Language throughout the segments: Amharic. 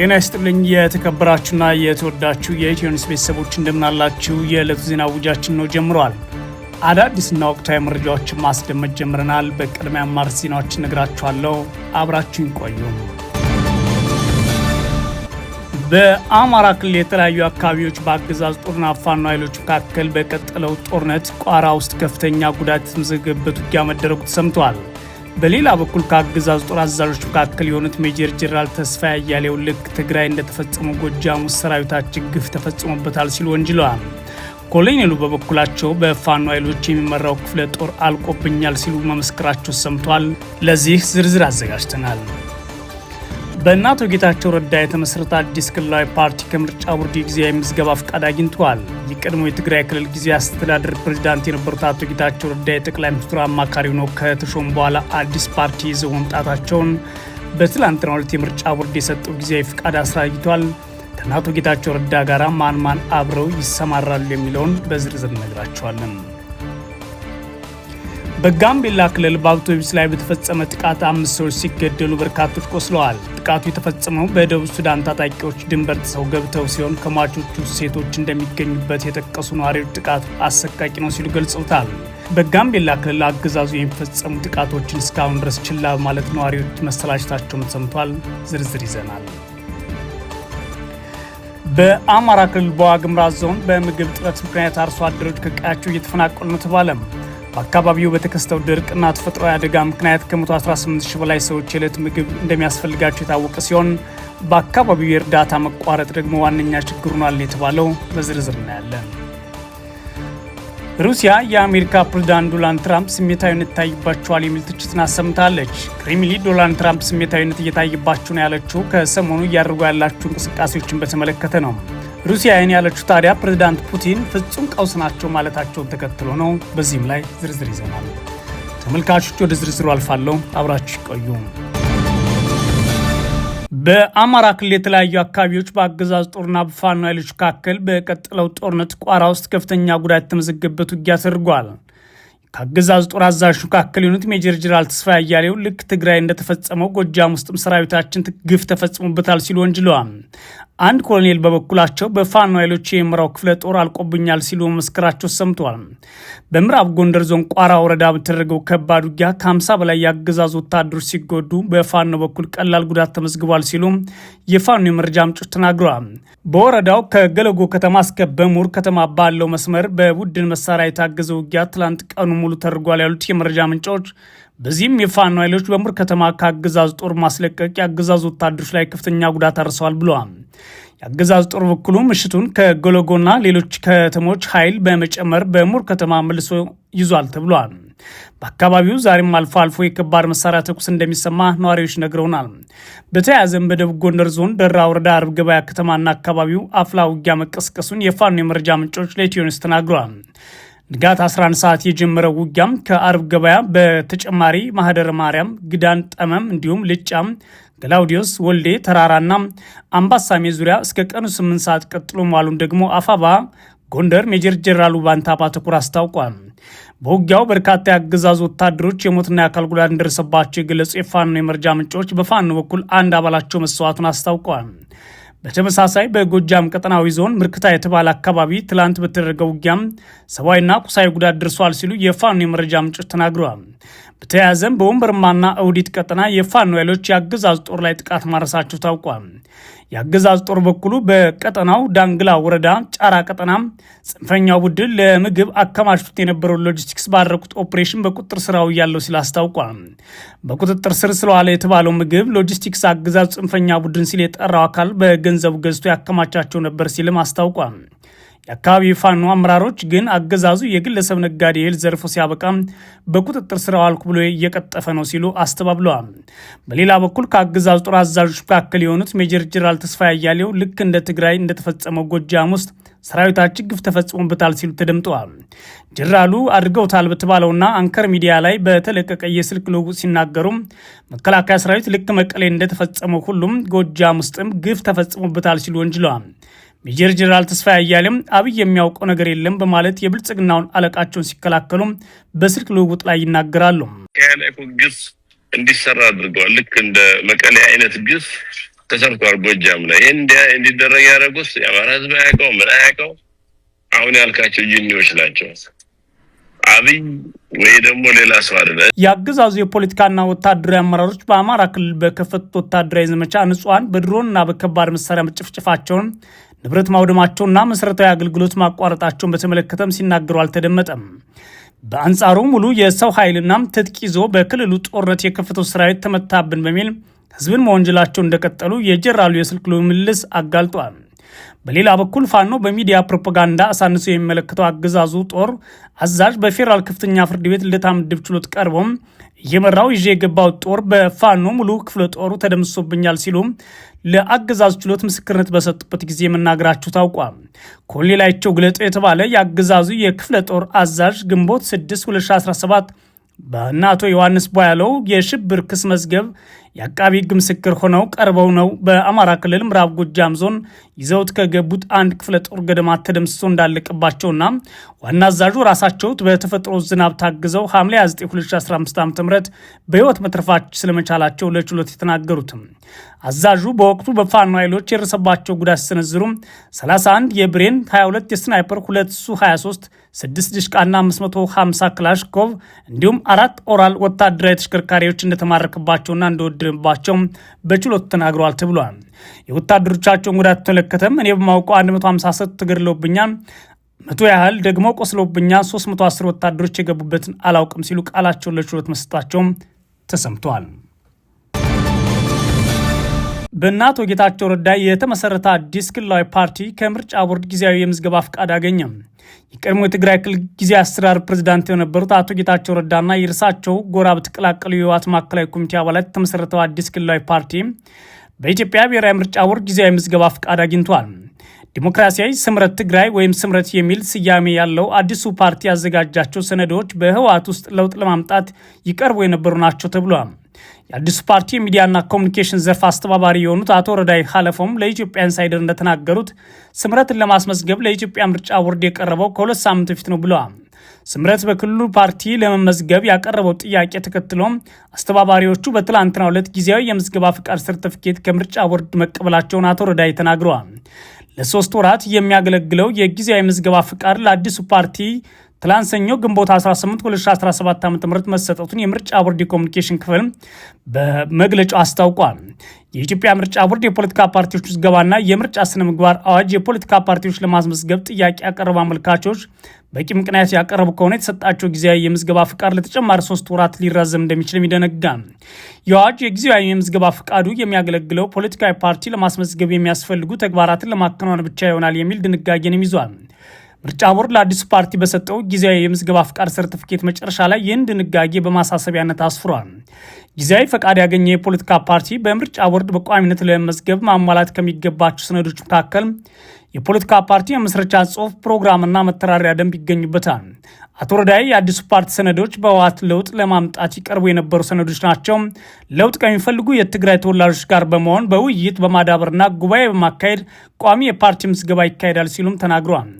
ጤና ይስጥልኝ የተከበራችሁና የተወዳችሁ የኢትዮኒስ ቤተሰቦች እንደምናላችሁ። የዕለቱ ዜና ውጃችን ነው ጀምረዋል። አዳዲስና ወቅታዊ መረጃዎችን ማስደመጥ ጀምረናል። በቅድሚያ አማር ዜናዎችን ነግራችኋለሁ። አብራችሁ ቆዩ። በአማራ ክልል የተለያዩ አካባቢዎች በአገዛዝ ጦርና ፋኖ ኃይሎች መካከል በቀጠለው ጦርነት ቋራ ውስጥ ከፍተኛ ጉዳት የተመዘገበበት ውጊያ መደረጉ ተሰምተዋል። በሌላ በኩል ከአገዛዙ ጦር አዛዦች መካከል የሆኑት ሜጀር ጀነራል ተስፋ አያሌው ልክ ትግራይ እንደተፈጸመው ጎጃሙ ሰራዊታችን ግፍ ተፈጽሞበታል ሲሉ ወንጅለዋል። ኮሎኔሉ በበኩላቸው በፋኖ ኃይሎች የሚመራው ክፍለ ጦር አልቆብኛል ሲሉ መመስከራቸው ሰምቷል። ለዚህ ዝርዝር አዘጋጅተናል። በእነ አቶ ጌታቸው ረዳ የተመሰረተ አዲስ ክልላዊ ፓርቲ ከምርጫ ቦርድ ጊዜ ምዝገባ ፍቃድ አግኝተዋል። የቀድሞ የትግራይ ክልል ጊዜያዊ አስተዳደር ፕሬዚዳንት የነበሩት አቶ ጌታቸው ረዳ የጠቅላይ ሚኒስትሩ አማካሪ ሆነው ከተሾሙ በኋላ አዲስ ፓርቲ ይዘው መምጣታቸውን በትላንትናው ዕለት የምርጫ ቦርድ የሰጠው ጊዜያዊ ፍቃድ አስራይቷል። ከአቶ ጌታቸው ረዳ ጋር ማን ማን አብረው ይሰማራሉ የሚለውን በዝርዝር እነግራቸዋለን። በጋምቤላ ክልል በአውቶቢስ ላይ በተፈጸመ ጥቃት አምስት ሰዎች ሲገደሉ በርካቶች ቆስለዋል። ጥቃቱ የተፈጸመው በደቡብ ሱዳን ታጣቂዎች ድንበር ጥሰው ገብተው ሲሆን ከሟቾቹ ሴቶች እንደሚገኙበት የጠቀሱ ነዋሪዎች ጥቃቱ አሰቃቂ ነው ሲሉ ገልጸውታል። በጋምቤላ ክልል አገዛዙ የሚፈጸሙ ጥቃቶችን እስካሁን ድረስ ችላ በማለት ነዋሪዎች መሰላቸታቸውን ሰምቷል። ዝርዝር ይዘናል። በአማራ ክልል በዋግምራ ዞን በምግብ ጥረት ምክንያት አርሶ አደሮች ከቀያቸው እየተፈናቀሉ ነው ተባለም። በአካባቢው በተከሰተው ድርቅና ተፈጥሯዊ አደጋ ምክንያት ከ118 ሺህ በላይ ሰዎች የዕለት ምግብ እንደሚያስፈልጋቸው የታወቀ ሲሆን በአካባቢው የእርዳታ መቋረጥ ደግሞ ዋነኛ ችግር ሆኗል የተባለው በዝርዝር እናያለን። ሩሲያ የአሜሪካ ፕሬዝዳንት ዶናልድ ትራምፕ ስሜታዊነት ይታይባቸዋል የሚል ትችትን አሰምታለች። ክሪምሊ ዶናልድ ትራምፕ ስሜታዊነት እየታይባቸው ነው ያለችው ከሰሞኑ እያደረጉ ያላቸው እንቅስቃሴዎችን በተመለከተ ነው። ሩሲያ ይህን ያለችው ታዲያ ፕሬዝዳንት ፑቲን ፍጹም ቀውስ ናቸው ማለታቸውን ተከትሎ ነው። በዚህም ላይ ዝርዝር ይዘናል። ተመልካቾች ወደ ዝርዝሩ አልፋለሁ፣ አብራችሁ ይቆዩ። በአማራ ክልል የተለያዩ አካባቢዎች በአገዛዝ ጦርና በፋኖ ኃይሎች መካከል በቀጠለው ጦርነት ቋራ ውስጥ ከፍተኛ ጉዳት የተመዘገበት ውጊያ ተደርጓል። ከአገዛዝ ጦር አዛዥ መካከል የሆኑት ሜጀር ጀነራል ተስፋ አያሌው ልክ ትግራይ እንደተፈጸመው ጎጃም ውስጥም ሰራዊታችን ግፍ ተፈጽሞበታል ሲሉ ወንጅለዋል። አንድ ኮሎኔል በበኩላቸው በፋኖ ኃይሎች የምራው ክፍለ ጦር አልቆብኛል ሲሉ መመስከራቸው ሰምተዋል። በምዕራብ ጎንደር ዞን ቋራ ወረዳ በተደረገው ከባድ ውጊያ ከ50 በላይ የአገዛዙ ወታደሮች ሲጎዱ በፋኖ በኩል ቀላል ጉዳት ተመዝግቧል ሲሉ የፋኖ የመረጃ ምንጮች ተናግረዋል። በወረዳው ከገለጎ ከተማ እስከ በሙር ከተማ ባለው መስመር በቡድን መሳሪያ የታገዘ ውጊያ ትላንት ቀኑ ሙሉ ተደርጓል ያሉት የመረጃ ምንጮች በዚህም የፋኖ ኃይሎች በሙር ከተማ ከአገዛዝ ጦር ማስለቀቅ የአገዛዝ ወታደሮች ላይ ከፍተኛ ጉዳት አድርሰዋል ብለዋል። የአገዛዝ ጦር በኩሉ ምሽቱን ከጎለጎና ሌሎች ከተሞች ኃይል በመጨመር በሙር ከተማ መልሶ ይዟል ተብሏል። በአካባቢው ዛሬም አልፎ አልፎ የከባድ መሳሪያ ተኩስ እንደሚሰማ ነዋሪዎች ነግረውናል። በተያያዘም በደቡብ ጎንደር ዞን ደራ ወረዳ አርብ ገበያ ከተማና አካባቢው አፍላ ውጊያ መቀስቀሱን የፋኖ የመረጃ ምንጮች ለኢትዮኒስ ተናግረዋል። ንጋት 11 ሰዓት የጀመረው ውጊያም ከአርብ ገበያ በተጨማሪ ማህደር ማርያም፣ ግዳን፣ ጠመም እንዲሁም ልጫም፣ ግላውዲዮስ ወልዴ ተራራና አምባሳሜ ዙሪያ እስከ ቀኑ 8 ሰዓት ቀጥሎ መዋሉን ደግሞ አፋባ ጎንደር ሜጀር ጀነራል ባንታ ባተኩር አስታውቋል። በውጊያው በርካታ የአገዛዙ ወታደሮች የሞትና የአካል ጉዳት እንደደረሰባቸው የገለጹ የፋኖ የመረጃ ምንጮች በፋኖ በኩል አንድ አባላቸው መሰዋቱን አስታውቀዋል። በተመሳሳይ በጎጃም ቀጠናዊ ዞን ምርክታ የተባለ አካባቢ ትላንት በተደረገው ውጊያም ሰብአዊና ቁሳዊ ጉዳት ደርሷል ሲሉ የፋኖ የመረጃ ምንጮች ተናግረዋል። በተያያዘም በወንበርማና እውዲት ቀጠና የፋኖ ኃይሎች የአገዛዝ ጦር ላይ ጥቃት ማድረሳቸው ታውቋል። የአገዛዝ ጦር በኩሉ በቀጠናው ዳንግላ ወረዳ ጫራ ቀጠና ጽንፈኛው ቡድን ለምግብ አከማችቶት የነበረው ሎጂስቲክስ ባደረጉት ኦፕሬሽን በቁጥጥር ስር አውያለሁ ሲል አስታውቋል። በቁጥጥር ስር ስለዋለ የተባለው ምግብ ሎጂስቲክስ አገዛዝ ጽንፈኛ ቡድን ሲል የጠራው አካል በገንዘቡ ገዝቶ ያከማቻቸው ነበር ሲልም አስታውቋል። የአካባቢ ፋኖ አመራሮች ግን አገዛዙ የግለሰብ ነጋዴ እህል ዘርፎ ሲያበቃ በቁጥጥር ስር አዋልኩ ብሎ እየቀጠፈ ነው ሲሉ አስተባብለዋል። በሌላ በኩል ከአገዛዙ ጦር አዛዦች መካከል የሆኑት ሜጀር ጀነራል ተስፋ ያያሌው ልክ እንደ ትግራይ እንደተፈጸመው ጎጃም ውስጥ ሰራዊታችን ግፍ ተፈጽሞበታል ሲሉ ተደምጠዋል። ጀነራሉ አድርገውታል በተባለውና አንከር ሚዲያ ላይ በተለቀቀ የስልክ ልውውጥ ሲናገሩ መከላከያ ሰራዊት ልክ መቀሌ እንደተፈጸመው ሁሉም ጎጃም ውስጥም ግፍ ተፈጽሞበታል ሲሉ ወንጅለዋል። ሜጀር ጀነራል ተስፋ አያሌም አብይ የሚያውቀው ነገር የለም በማለት የብልጽግናውን አለቃቸውን ሲከላከሉም በስልክ ልውውጥ ላይ ይናገራሉ። ግፍ እንዲሰራ አድርገዋል። ልክ እንደ መቀሌ አይነት ግፍ ተሰርቷል ጎጃም ላይ። ይህ እንዲደረግ ያደረጉት የአማራ ህዝብ አያውቀው ምን አያውቀው አሁን ያልካቸው ጅኒዎች ናቸው። አብይ ወይ ደግሞ ሌላ ሰው አለ። የአገዛዙ የፖለቲካና ወታደራዊ አመራሮች በአማራ ክልል በከፈቱት ወታደራዊ ዘመቻ ንጹሐን በድሮንና በከባድ መሳሪያ መጨፍጨፋቸውን ንብረት ማውደማቸውና መሠረታዊ አገልግሎት ማቋረጣቸውን በተመለከተም ሲናገሩ አልተደመጠም። በአንጻሩ ሙሉ የሰው ኃይልና ትጥቅ ይዞ በክልሉ ጦርነት የከፈተው ሰራዊት ተመታብን በሚል ህዝብን መወንጀላቸው እንደቀጠሉ የጀራሉ የስልክ ልምልስ አጋልጧል። በሌላ በኩል ፋኖ በሚዲያ ፕሮፓጋንዳ አሳንሶ የሚመለከተው አገዛዙ ጦር አዛዥ በፌዴራል ከፍተኛ ፍርድ ቤት ልደታ ምድብ ችሎት ቀርቦም እየመራው ይዤ የገባው ጦር በፋኖ ሙሉ ክፍለ ጦሩ ተደምሶብኛል ሲሉ ለአገዛዝ ችሎት ምስክርነት በሰጡበት ጊዜ መናገራቸው ታውቋል። ኮሎኔላቸው ግለጡ የተባለ የአገዛዙ የክፍለ ጦር አዛዥ ግንቦት 6 2017 በእነ አቶ ዮሐንስ ቧያለው የሽብር ክስ መዝገብ የአቃቢ ሕግ ምስክር ሆነው ቀርበው ነው በአማራ ክልል ምዕራብ ጎጃም ዞን ይዘውት ከገቡት አንድ ክፍለ ጦር ገደማ ተደምስሶ እንዳለቀባቸውና ዋና አዛዡ ራሳቸው በተፈጥሮ ዝናብ ታግዘው ሐምሌ 29 2015 ዓ ም በህይወት መትረፋች ስለመቻላቸው ለችሎት የተናገሩትም አዛዡ በወቅቱ በፋኖ ኃይሎች የደረሰባቸው ጉዳት ሲሰነዝሩም 31 የብሬን 22 የስናይፐር 2 ሱ 23 6 ድሽቃና 550 ክላሽኮቭ እንዲሁም አራት ኦራል ወታደራዊ ተሽከርካሪዎች እንደተማረከባቸውና እንደወደ እንደሚደረግባቸው በችሎት ተናግረዋል ተብሏል። የወታደሮቻቸውን ጉዳት ተመለከተም እኔ በማውቀው 156 ተገድለውብኛል መቶ ያህል ደግሞ ቆስሎብኛ 310 ወታደሮች የገቡበትን አላውቅም ሲሉ ቃላቸውን ለችሎት መስጠታቸውም ተሰምተዋል። በእነ አቶ ጌታቸው ረዳ የተመሰረተ አዲስ ክልላዊ ፓርቲ ከምርጫ ቦርድ ጊዜያዊ የምዝገባ ፍቃድ አገኘ። የቀድሞ የትግራይ ክልል ጊዜ አስተዳደር ፕሬዚዳንት የነበሩት አቶ ጌታቸው ረዳና የእርሳቸው ጎራ በተቀላቀሉ የህወሓት ማዕከላዊ ኮሚቴ አባላት የተመሰረተው አዲስ ክልላዊ ፓርቲ በኢትዮጵያ ብሔራዊ ምርጫ ቦርድ ጊዜያዊ ምዝገባ ፍቃድ አግኝቷል። ዲሞክራሲያዊ ስምረት ትግራይ ወይም ስምረት የሚል ስያሜ ያለው አዲሱ ፓርቲ ያዘጋጃቸው ሰነዶች በህወሓት ውስጥ ለውጥ ለማምጣት ይቀርቡ የነበሩ ናቸው ተብሏል። የአዲሱ ፓርቲ የሚዲያና ኮሚኒኬሽን ዘርፍ አስተባባሪ የሆኑት አቶ ረዳይ ሀለፎም ለኢትዮጵያ ኢንሳይደር እንደተናገሩት ስምረትን ለማስመዝገብ ለኢትዮጵያ ምርጫ ቦርድ የቀረበው ከሁለት ሳምንት በፊት ነው ብለዋል። ስምረት በክልሉ ፓርቲ ለመመዝገብ ያቀረበው ጥያቄ ተከትሎም አስተባባሪዎቹ በትላንትናው ዕለት ጊዜያዊ የምዝገባ ፍቃድ ሰርተፍኬት ከምርጫ ቦርድ መቀበላቸውን አቶ ረዳይ ተናግረዋል። ለሶስት ወራት የሚያገለግለው የጊዜያዊ ምዝገባ ፍቃድ ለአዲሱ ፓርቲ ትላንት ሰኞ ግንቦት 18 2017 ዓ ም መሰጠቱን የምርጫ ቦርድ የኮሚኒኬሽን ክፍል በመግለጫው አስታውቋል። የኢትዮጵያ ምርጫ ቦርድ የፖለቲካ ፓርቲዎች ምዝገባና የምርጫ ስነ ምግባር አዋጅ የፖለቲካ ፓርቲዎች ለማስመዝገብ ጥያቄ ያቀረቡ አመልካቾች በቂ ምክንያት ያቀረቡ ከሆነ የተሰጣቸው ጊዜያዊ የምዝገባ ፍቃድ ለተጨማሪ ሶስት ወራት ሊራዘም እንደሚችልም ይደነጋል። የአዋጁ የጊዜያዊ የምዝገባ ፍቃዱ የሚያገለግለው ፖለቲካዊ ፓርቲ ለማስመዝገብ የሚያስፈልጉ ተግባራትን ለማከናወን ብቻ ይሆናል የሚል ድንጋጌንም ይዟል። ምርጫ ቦርድ ለአዲሱ ፓርቲ በሰጠው ጊዜያዊ የምዝገባ ፍቃድ ሰርቲፊኬት መጨረሻ ላይ ይህን ድንጋጌ በማሳሰቢያነት አስፍሯል። ጊዜያዊ ፈቃድ ያገኘ የፖለቲካ ፓርቲ በምርጫ ቦርድ በቋሚነት ለመመዝገብ ማሟላት ከሚገባቸው ሰነዶች መካከል የፖለቲካ ፓርቲ የመስረቻ ጽሑፍ፣ ፕሮግራምና መተራሪያ ደንብ ይገኙበታል። አቶ ረዳይ የአዲሱ ፓርቲ ሰነዶች በህወሓት ለውጥ ለማምጣት ይቀርቡ የነበሩ ሰነዶች ናቸው። ለውጥ ከሚፈልጉ የትግራይ ተወላጆች ጋር በመሆን በውይይት በማዳበርና ጉባኤ በማካሄድ ቋሚ የፓርቲ ምዝገባ ይካሄዳል ሲሉም ተናግረዋል።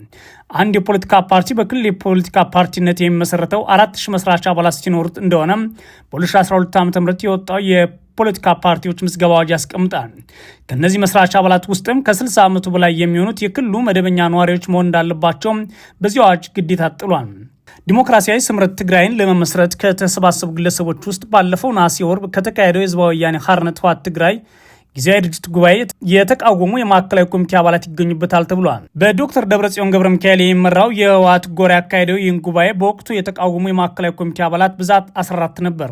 አንድ የፖለቲካ ፓርቲ በክልል የፖለቲካ ፓርቲነት የሚመሰረተው አራት ሺ መስራች አባላት ሲኖሩት እንደሆነ በ2012 ዓ ም የወጣው የፖለቲካ ፓርቲዎች ምዝገባ አዋጅ ያስቀምጣል። ከእነዚህ መስራች አባላት ውስጥም ከ60 ዓመቱ በላይ የሚሆኑት የክልሉ መደበኛ ነዋሪዎች መሆን እንዳለባቸው በዚህ አዋጅ ግዴታ ጥሏል። ዲሞክራሲያዊ ስምረት ትግራይን ለመመስረት ከተሰባሰቡ ግለሰቦች ውስጥ ባለፈው ነሐሴ ወር ከተካሄደው የህዝባዊ ወያኔ ሓርነት ህወሓት ትግራይ ጊዜያዊ ድርጅት ጉባኤ የተቃወሙ የማዕከላዊ ኮሚቴ አባላት ይገኙበታል ተብሏል። በዶክተር ደብረጽዮን ገብረ ሚካኤል የሚመራው የህወሓት ጎራ ያካሄደው ይህን ጉባኤ በወቅቱ የተቃወሙ የማዕከላዊ ኮሚቴ አባላት ብዛት 14 ነበር።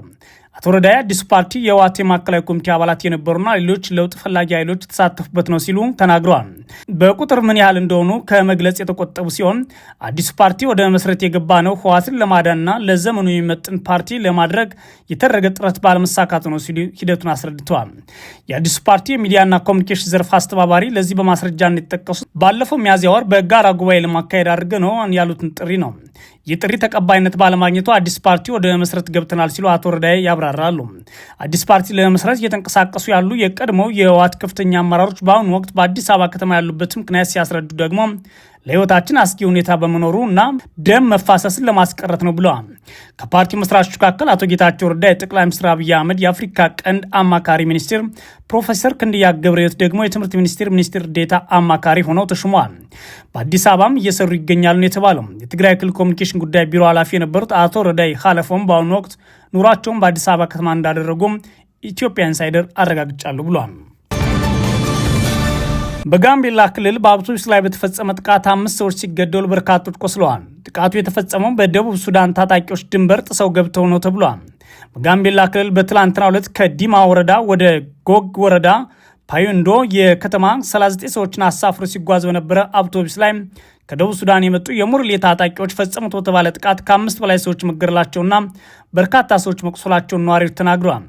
አቶ ረዳይ አዲሱ ፓርቲ የህወሓት የማዕከላዊ ኮሚቴ አባላት የነበሩና ሌሎች ለውጥ ፈላጊ ኃይሎች የተሳተፉበት ነው ሲሉ ተናግረዋል። በቁጥር ምን ያህል እንደሆኑ ከመግለጽ የተቆጠቡ ሲሆን አዲሱ ፓርቲ ወደ መስረት የገባ ነው ህወሓትን ለማዳንና ለዘመኑ የሚመጥን ፓርቲ ለማድረግ የተደረገ ጥረት ባለመሳካቱ ነው ሲሉ ሂደቱን አስረድተዋል። የአዲሱ ፓርቲ የሚዲያና ኮሚኒኬሽን ዘርፍ አስተባባሪ ለዚህ በማስረጃ እንደተጠቀሱ ባለፈው ሚያዝያ ወር በጋራ ጉባኤ ለማካሄድ አድርገ ነው ያሉትን ጥሪ ነው የጥሪ ተቀባይነት ባለማግኘቱ አዲስ ፓርቲ ወደ መስረት ገብተናል ሲሉ አቶ ረዳይ ያብራራሉ። አዲስ ፓርቲ ለመስረት እየተንቀሳቀሱ ያሉ የቀድሞው የህወሓት ከፍተኛ አመራሮች በአሁኑ ወቅት በአዲስ አበባ ከተማ ያሉበት ምክንያት ሲያስረዱ ደግሞ ለህይወታችን አስጊ ሁኔታ በመኖሩ እና ደም መፋሰስን ለማስቀረት ነው ብለዋል። ከፓርቲ መስራቾች መካከል አቶ ጌታቸው ረዳ የጠቅላይ ሚኒስትር አብይ አህመድ የአፍሪካ ቀንድ አማካሪ ሚኒስትር፣ ፕሮፌሰር ክንድያ ገብረሕይወት ደግሞ የትምህርት ሚኒስቴር ሚኒስትር ዴታ አማካሪ ሆነው ተሹመዋል። በአዲስ አበባም እየሰሩ ይገኛሉ የተባለው የትግራይ ክልል ኮሚኒኬሽን ጉዳይ ቢሮ ኃላፊ የነበሩት አቶ ረዳይ ሀለፎም በአሁኑ ወቅት ኑሯቸውን በአዲስ አበባ ከተማ እንዳደረጉም ኢትዮጵያ ኢንሳይደር አረጋግጫሉ ብሏል። በጋምቤላ ክልል በአውቶቡስ ላይ በተፈጸመ ጥቃት አምስት ሰዎች ሲገደሉ በርካቶች ቆስለዋል። ጥቃቱ የተፈጸመው በደቡብ ሱዳን ታጣቂዎች ድንበር ጥሰው ገብተው ነው ተብሏል። በጋምቤላ ክልል በትላንትና ዕለት ከዲማ ወረዳ ወደ ጎግ ወረዳ ፓዩንዶ የከተማ 39 ሰዎችን አሳፍሮ ሲጓዝ በነበረ አውቶቡስ ላይ ከደቡብ ሱዳን የመጡ የሙርሌ ታጣቂዎች ፈጸሙት በተባለ ጥቃት ከአምስት በላይ ሰዎች መገደላቸውና በርካታ ሰዎች መቁሰላቸውን ነዋሪዎች ተናግረዋል።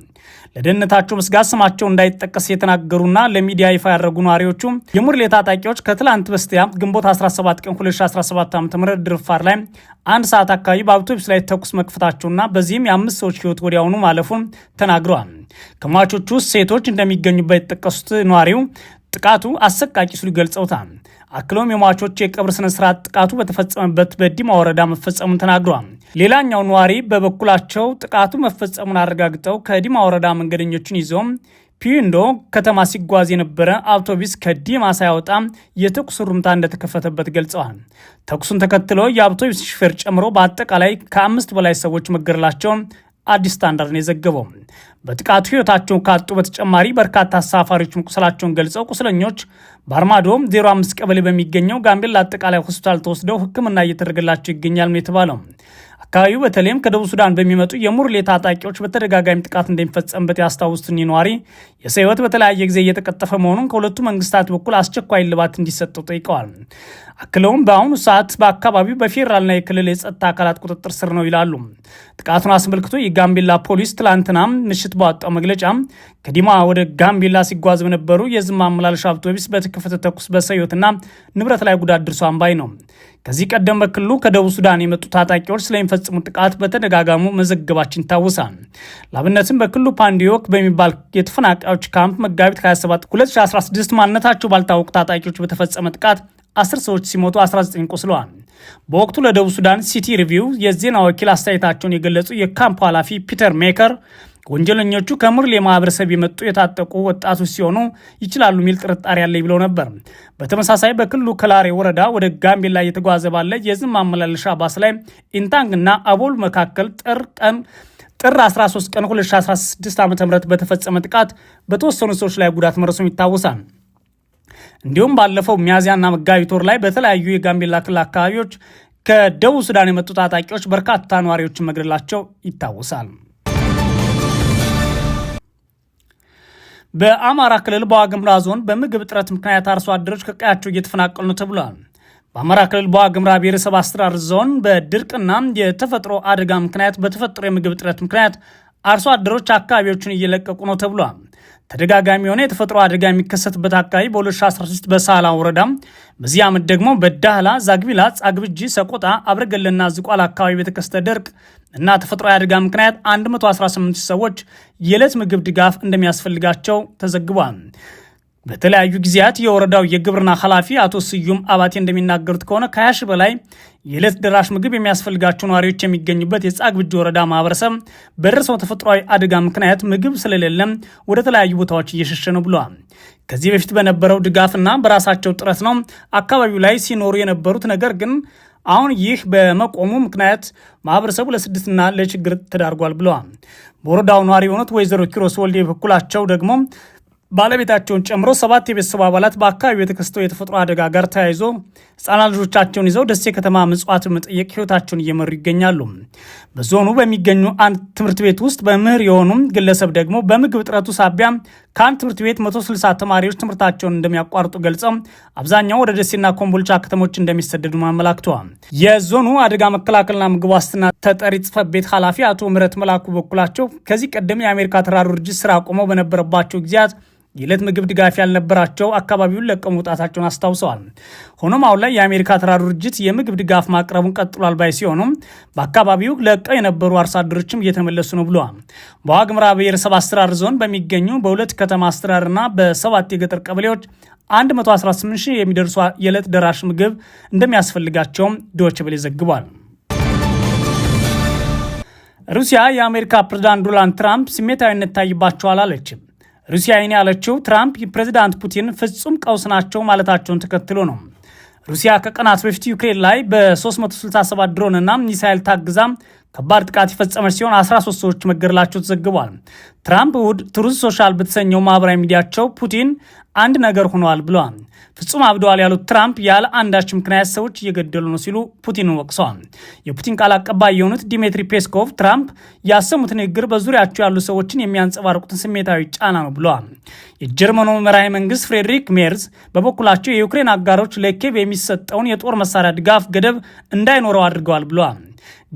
ለደህንነታቸው ምስጋት ስማቸው እንዳይጠቀስ የተናገሩና ለሚዲያ ይፋ ያደረጉ ነዋሪዎቹ የሙርሌ ታጣቂዎች ከትላንት በስቲያ ግንቦት 17 ቀን 2017 ዓ ም ድርፋር ላይ አንድ ሰዓት አካባቢ በአውቶቢስ ላይ ተኩስ መክፈታቸውና በዚህም የአምስት ሰዎች ህይወት ወዲያውኑ ማለፉን ተናግረዋል። ከሟቾቹ ውስጥ ሴቶች እንደሚገኙበት የጠቀሱት ነዋሪው ጥቃቱ አሰቃቂ ሲሉ ገልጸውታል። አክሎም የሟቾች የቀብር ስነስርዓት ጥቃቱ በተፈጸመበት በዲማ ወረዳ መፈጸሙን ተናግረዋል። ሌላኛው ነዋሪ በበኩላቸው ጥቃቱ መፈጸሙን አረጋግጠው ከዲማ ወረዳ መንገደኞችን ይዘው ፒንዶ ከተማ ሲጓዝ የነበረ አውቶቢስ ከዲማ ሳያወጣ የተኩስ ሩምታ እንደተከፈተበት ገልጸዋል። ተኩሱን ተከትሎ የአውቶቢስ ሹፌር ጨምሮ በአጠቃላይ ከአምስት በላይ ሰዎች መገደላቸውን አዲስ ስታንዳርድ ነው የዘገበው። በጥቃቱ ህይወታቸውን ካጡ በተጨማሪ በርካታ አሳፋሪዎችም ቁሰላቸውን ገልጸው ቁስለኞች በአርማዶም 05 ቀበሌ በሚገኘው ጋምቤላ አጠቃላይ ሆስፒታል ተወስደው ሕክምና እየተደረገላቸው ይገኛል ነው የተባለው። አካባቢው በተለይም ከደቡብ ሱዳን በሚመጡ የሙርሌ ታጣቂዎች በተደጋጋሚ ጥቃት እንደሚፈጸምበት ያስታውስትን ነዋሪ የሰው ሕይወት በተለያየ ጊዜ እየተቀጠፈ መሆኑን ከሁለቱ መንግስታት በኩል አስቸኳይ እልባት እንዲሰጠው ጠይቀዋል። አክለውም በአሁኑ ሰዓት በአካባቢው በፌዴራልና የክልል የጸጥታ አካላት ቁጥጥር ስር ነው ይላሉ። ጥቃቱን አስመልክቶ የጋምቤላ ፖሊስ ትላንትናም ምሽት ባወጣው መግለጫ ከዲማ ወደ ጋምቤላ ሲጓዝ በነበሩ የዝማ አመላለሻ አውቶቡስ በተከፈተ ተኩስ በሰው ሕይወትና ንብረት ላይ ጉዳት ደርሷል ባይ ነው። ከዚህ ቀደም በክልሉ ከደቡብ ሱዳን የመጡ ታጣቂዎች ስለሚፈጽሙት ጥቃት በተደጋጋሙ መዘገባችን ይታወሳል። ላብነትም በክልሉ ፓንዲዮክ በሚባል የተፈናቃዮች ካምፕ መጋቢት 27 2016 ማንነታቸው ባልታወቁ ታጣቂዎች በተፈጸመ ጥቃት 10 ሰዎች ሲሞቱ 19 ቆስለዋል። በወቅቱ ለደቡብ ሱዳን ሲቲ ሪቪው የዜና ወኪል አስተያየታቸውን የገለጹ የካምፕ ኃላፊ ፒተር ሜከር ወንጀለኞቹ ከሙርሌ ማህበረሰብ የመጡ የታጠቁ ወጣቶች ሲሆኑ ይችላሉ የሚል ጥርጣሬ ያለኝ ብለው ነበር። በተመሳሳይ በክልሉ ከላሬ ወረዳ ወደ ጋምቤላ እየተጓዘ ባለ የዝም ማመላለሻ ባስ ላይ ኢንታንግና አቦል መካከል ጥር ቀን ጥር 13 ቀን 2016 ዓ ም በተፈጸመ ጥቃት በተወሰኑ ሰዎች ላይ ጉዳት መረሱም ይታወሳል። እንዲሁም ባለፈው ሚያዝያና መጋቢት ወር ላይ በተለያዩ የጋምቤላ ክልል አካባቢዎች ከደቡብ ሱዳን የመጡ ታጣቂዎች በርካታ ነዋሪዎችን መግደላቸው ይታወሳል። በአማራ ክልል በዋግምራ ዞን በምግብ እጥረት ምክንያት አርሶ አደሮች ከቀያቸው እየተፈናቀሉ ነው ተብሏል። በአማራ ክልል በዋግምራ ብሔረሰብ አስተዳደር ዞን በድርቅና የተፈጥሮ አደጋ ምክንያት በተፈጥሮ የምግብ እጥረት ምክንያት አርሶ አደሮች አካባቢዎችን እየለቀቁ ነው ተብሏል። ተደጋጋሚ የሆነ የተፈጥሮ አደጋ የሚከሰትበት አካባቢ በ2016 በሳላ ወረዳ በዚህ ዓመት ደግሞ በዳህላ፣ ዛግቢላ፣ ጻግብጂ፣ ሰቆጣ፣ አብረገለና ዝቋል አካባቢ በተከሰተ ድርቅ እና ተፈጥሯዊ አደጋ ምክንያት 118 ሰዎች የዕለት ምግብ ድጋፍ እንደሚያስፈልጋቸው ተዘግቧል። በተለያዩ ጊዜያት የወረዳው የግብርና ኃላፊ አቶ ስዩም አባቴ እንደሚናገሩት ከሆነ ከ20 ሺ በላይ የዕለት ደራሽ ምግብ የሚያስፈልጋቸው ነዋሪዎች የሚገኙበት የጻግብጅ ወረዳ ማህበረሰብ በደረሰው ተፈጥሯዊ አደጋ ምክንያት ምግብ ስለሌለም ወደ ተለያዩ ቦታዎች እየሸሸ ነው ብለዋል። ከዚህ በፊት በነበረው ድጋፍና በራሳቸው ጥረት ነው አካባቢው ላይ ሲኖሩ የነበሩት ነገር ግን አሁን ይህ በመቆሙ ምክንያት ማህበረሰቡ ለስድስትና ለችግር ተዳርጓል ብለዋል። በወረዳው ነዋሪ የሆኑት ወይዘሮ ኪሮስ ወልዴ በኩላቸው ደግሞ ባለቤታቸውን ጨምሮ ሰባት የቤተሰቡ አባላት በአካባቢው የተከሰተው የተፈጥሮ አደጋ ጋር ተያይዞ ህጻናት ልጆቻቸውን ይዘው ደሴ ከተማ ምጽዋት በመጠየቅ ህይወታቸውን እየመሩ ይገኛሉ። በዞኑ በሚገኙ አንድ ትምህርት ቤት ውስጥ መምህር የሆኑ ግለሰብ ደግሞ በምግብ እጥረቱ ሳቢያ ከአንድ ትምህርት ቤት 160 ተማሪዎች ትምህርታቸውን እንደሚያቋርጡ ገልጸው አብዛኛው ወደ ደሴና ኮምቦልቻ ከተሞች እንደሚሰደዱ አመላክተዋል። የዞኑ አደጋ መከላከልና ምግብ ዋስትና ተጠሪ ጽፈት ቤት ኃላፊ አቶ ምረት መላኩ በኩላቸው ከዚህ ቀደም የአሜሪካ ተራድኦ ድርጅት ስራ ቆመው በነበረባቸው ጊዜያት የዕለት ምግብ ድጋፍ ያልነበራቸው አካባቢውን ለቀው መውጣታቸውን አስታውሰዋል። ሆኖም አሁን ላይ የአሜሪካ ተራዶ ድርጅት የምግብ ድጋፍ ማቅረቡን ቀጥሏል ባይ ሲሆኑም በአካባቢው ለቀው የነበሩ አርሶ አደሮችም እየተመለሱ ነው ብለዋል። በዋግምራ ብሔረሰብ አስተዳደር ዞን በሚገኙ በሁለት ከተማ አስተዳደርና በሰባት የገጠር ቀበሌዎች 118 የሚደርሱ የዕለት ደራሽ ምግብ እንደሚያስፈልጋቸውም ዶይቼ ቬለ ዘግቧል። ሩሲያ የአሜሪካ ፕሬዝዳንት ዶናልድ ትራምፕ ስሜታዊነት ታይባቸዋል አለችም። ሩሲያ ይህን ያለችው ትራምፕ የፕሬዚዳንት ፑቲን ፍጹም ቀውስ ናቸው ማለታቸውን ተከትሎ ነው። ሩሲያ ከቀናት በፊት ዩክሬን ላይ በ367 ድሮንና ሚሳይል ታግዛም ከባድ ጥቃት የፈጸመች ሲሆን 13 ሰዎች መገደላቸው ተዘግቧል። ትራምፕ እሁድ ትሩዝ ሶሻል በተሰኘው ማህበራዊ ሚዲያቸው ፑቲን አንድ ነገር ሆነዋል ብለዋል። ፍጹም አብደዋል ያሉት ትራምፕ ያለ አንዳች ምክንያት ሰዎች እየገደሉ ነው ሲሉ ፑቲንን ወቅሰዋል። የፑቲን ቃል አቀባይ የሆኑት ዲሜትሪ ፔስኮቭ ትራምፕ ያሰሙት ንግግር በዙሪያቸው ያሉ ሰዎችን የሚያንጸባርቁትን ስሜታዊ ጫና ነው ብለዋል። የጀርመኑ መራሄ መንግስት ፍሬድሪክ ሜርዝ በበኩላቸው የዩክሬን አጋሮች ለኬቭ የሚሰጠውን የጦር መሳሪያ ድጋፍ ገደብ እንዳይኖረው አድርገዋል ብለዋል።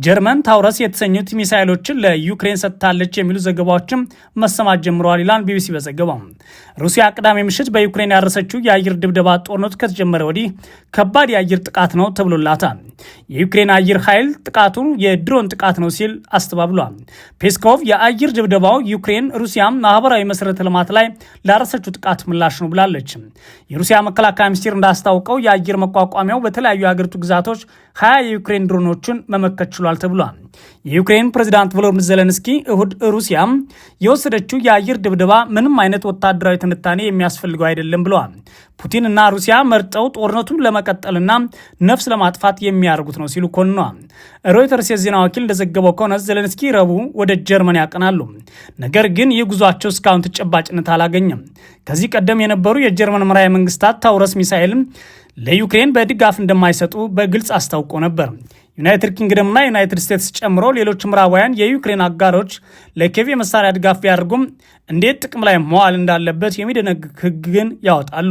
ጀርመን ታውረስ የተሰኙት ሚሳይሎችን ለዩክሬን ሰጥታለች የሚሉ ዘገባዎችም መሰማት ጀምረዋል ይላል ቢቢሲ በዘገባው። ሩሲያ ቅዳሜ ምሽት በዩክሬን ያረሰችው የአየር ድብደባ ጦርነት ከተጀመረ ወዲህ ከባድ የአየር ጥቃት ነው ተብሎላታል። የዩክሬን አየር ኃይል ጥቃቱ የድሮን ጥቃት ነው ሲል አስተባብሏል። ፔስኮቭ የአየር ድብደባው ዩክሬን ሩሲያም ማህበራዊ መሰረተ ልማት ላይ ላረሰችው ጥቃት ምላሽ ነው ብላለች። የሩሲያ መከላከያ ሚኒስቴር እንዳስታውቀው የአየር መቋቋሚያው በተለያዩ የሀገሪቱ ግዛቶች ሀያ የዩክሬን ድሮኖችን መመከት ችሏል ተብሏል። የዩክሬን ፕሬዚዳንት ቮሎድሚር ዜሌንስኪ እሁድ ሩሲያ የወሰደችው የአየር ድብደባ ምንም አይነት ወታደራዊ ትንታኔ የሚያስፈልገው አይደለም ብለዋል። ፑቲን እና ሩሲያ መርጠው ጦርነቱን ለመቀጠልና ነፍስ ለማጥፋት የሚያደርጉት ነው ሲሉ ኮንነዋል። ሮይተርስ የዜና ወኪል እንደዘገበው ከሆነ ዜሌንስኪ ረቡዕ ወደ ጀርመን ያቀናሉ። ነገር ግን ይህ ጉዟቸው እስካሁን ተጨባጭነት አላገኘም። ከዚህ ቀደም የነበሩ የጀርመን መራሄ መንግስታት ታውረስ ሚሳኤል ለዩክሬን በድጋፍ እንደማይሰጡ በግልጽ አስታውቆ ነበር። ዩናይትድ ኪንግደምና ዩናይትድ ስቴትስ ጨምሮ ሌሎች ምዕራባውያን የዩክሬን አጋሮች ለኬቭ የመሳሪያ ድጋፍ ቢያደርጉም እንዴት ጥቅም ላይ መዋል እንዳለበት የሚደነግግ ግን ያወጣሉ።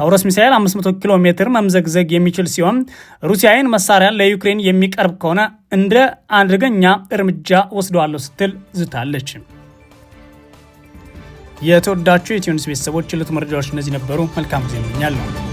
ታውረስ ሚሳኤል 500 ኪሎ ሜትር መምዘግዘግ የሚችል ሲሆን ሩሲያዊን መሳሪያ ለዩክሬን የሚቀርብ ከሆነ እንደ አደገኛ እርምጃ ወስደዋለሁ ስትል ዝታለች። የተወዳችሁ የኢትዮ ኒውስ ቤተሰቦች ዕለቱ መረጃዎች እነዚህ ነበሩ። መልካም ጊዜ እመኛለሁ።